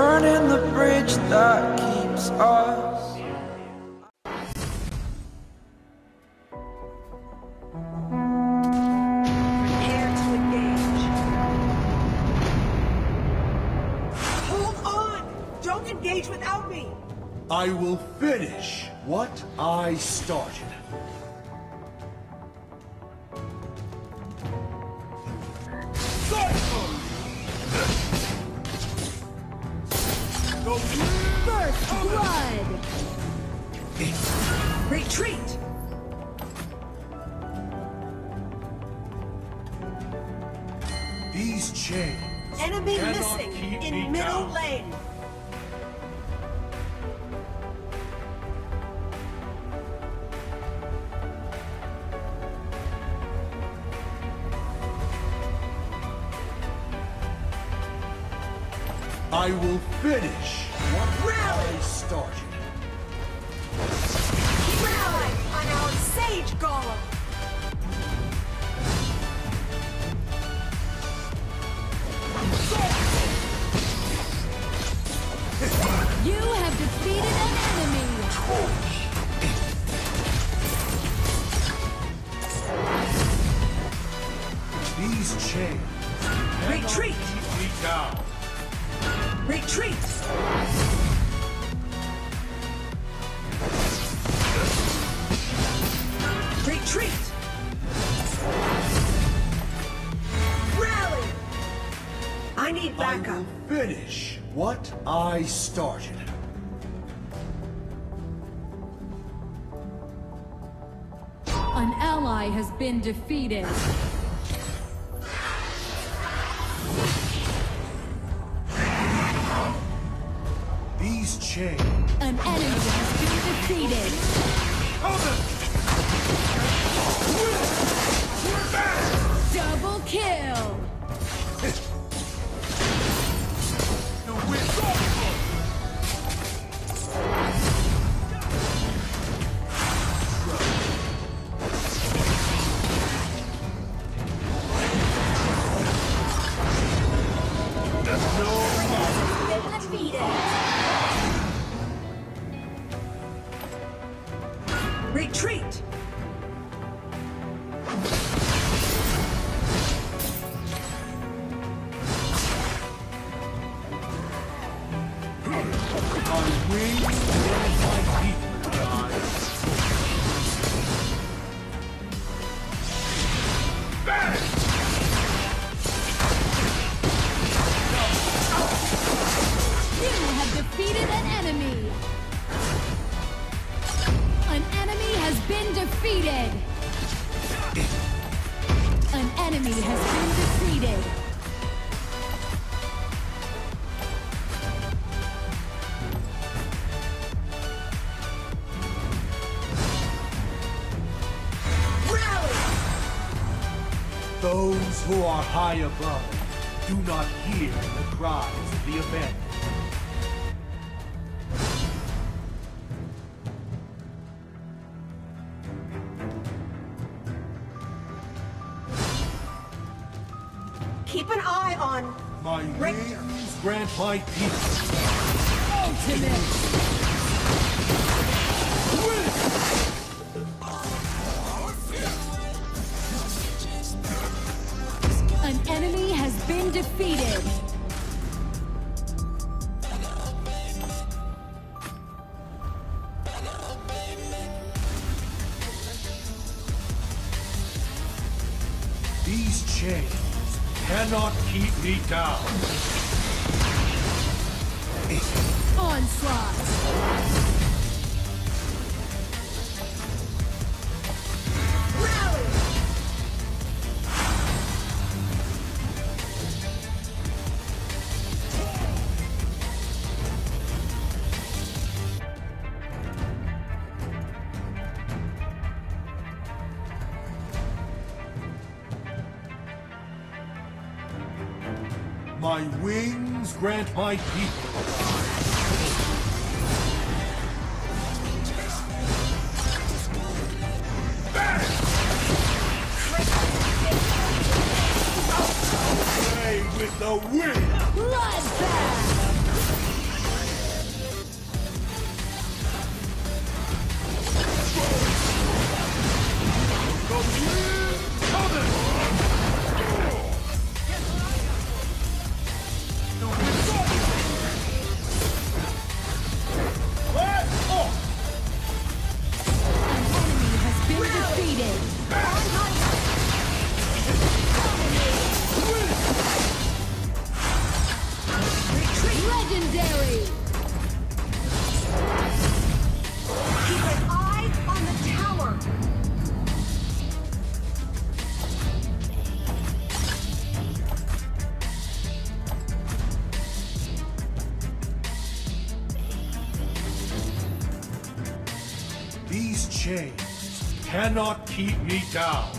burning the bridge that keeps us. Prepare to engage. Hold on! Don't engage without me! I will finish what I started. Cycle! First blood! Retreat! These chains Enemy missing in middle down. lane. I will finish rally started. Rally on our Sage You have defeated an enemy! These chains... Retreat! Retreat Retreat! Retreat! Rally! I need backup. I finish what I started. An ally has been defeated. An enemy has been defeated. Hold Double kill! Those who are high above do not hear the cries of the event. Keep an eye on... My Richter. wings grant my peace. Ultimate! defeated. These chains cannot keep me down. Onslaught! My wings grant my people. These chains cannot keep me down.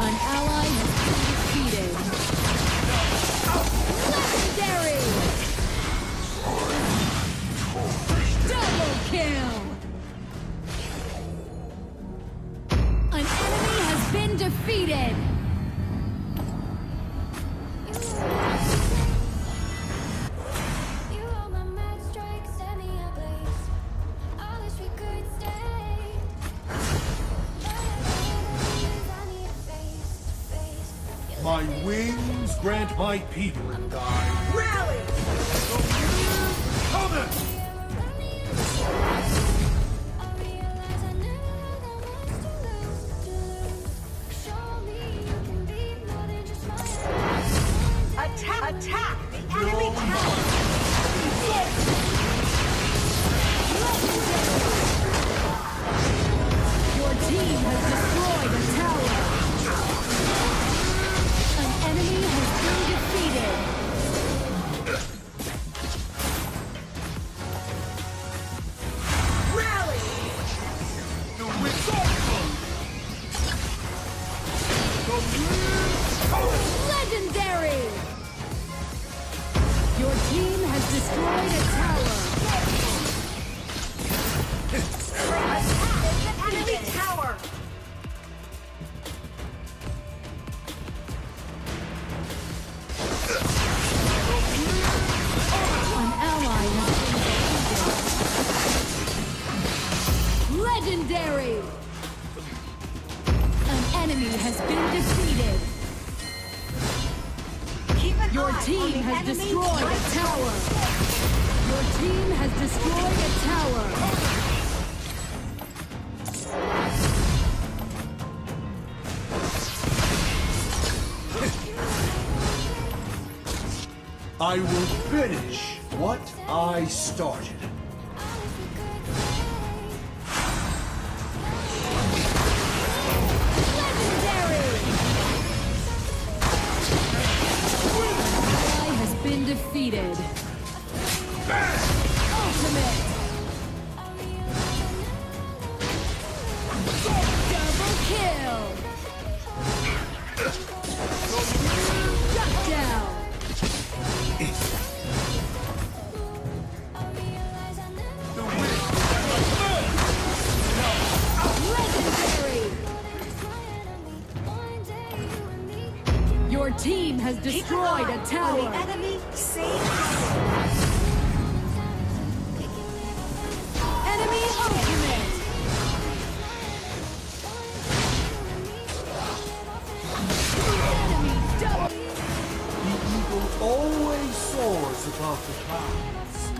An ally has been defeated. Legendary! Double kill! people. destroyed a tower. Your team has destroyed a tower. I will finish what I started. defeated. Ultimate. Double kill. down. Your team has destroyed a tower. Enemy ultimate! Enemy double! The eagle always soars above the clouds.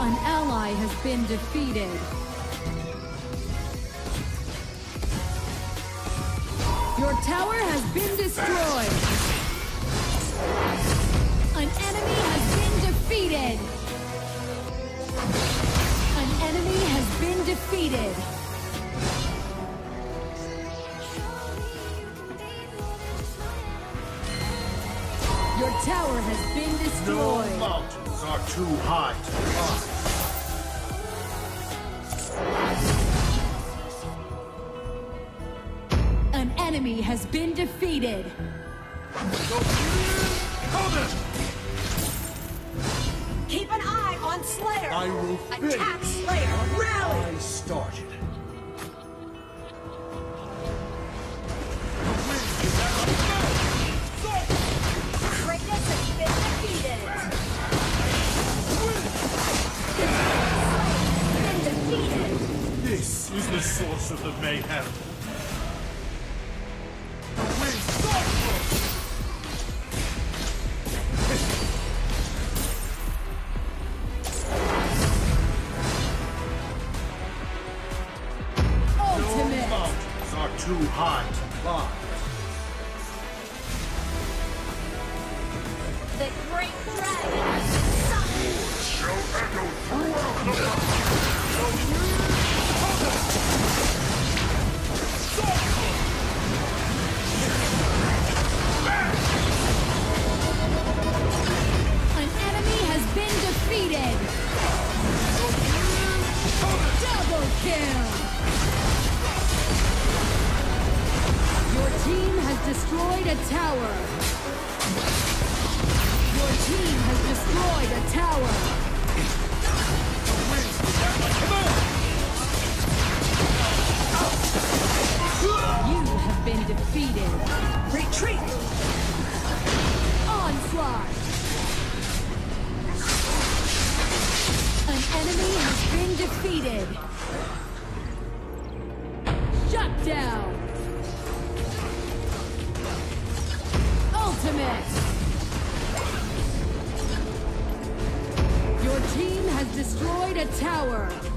An ally has been defeated. Your tower has been destroyed. An enemy has been defeated. An enemy has been defeated. Your tower has been destroyed. No mountains are too high to climb. enemy has been defeated. Keep an eye on Slayer! I will finish. Attack Slayer! Rally! I started. This is the source of the mayhem. too high to climb. has destroyed a tower.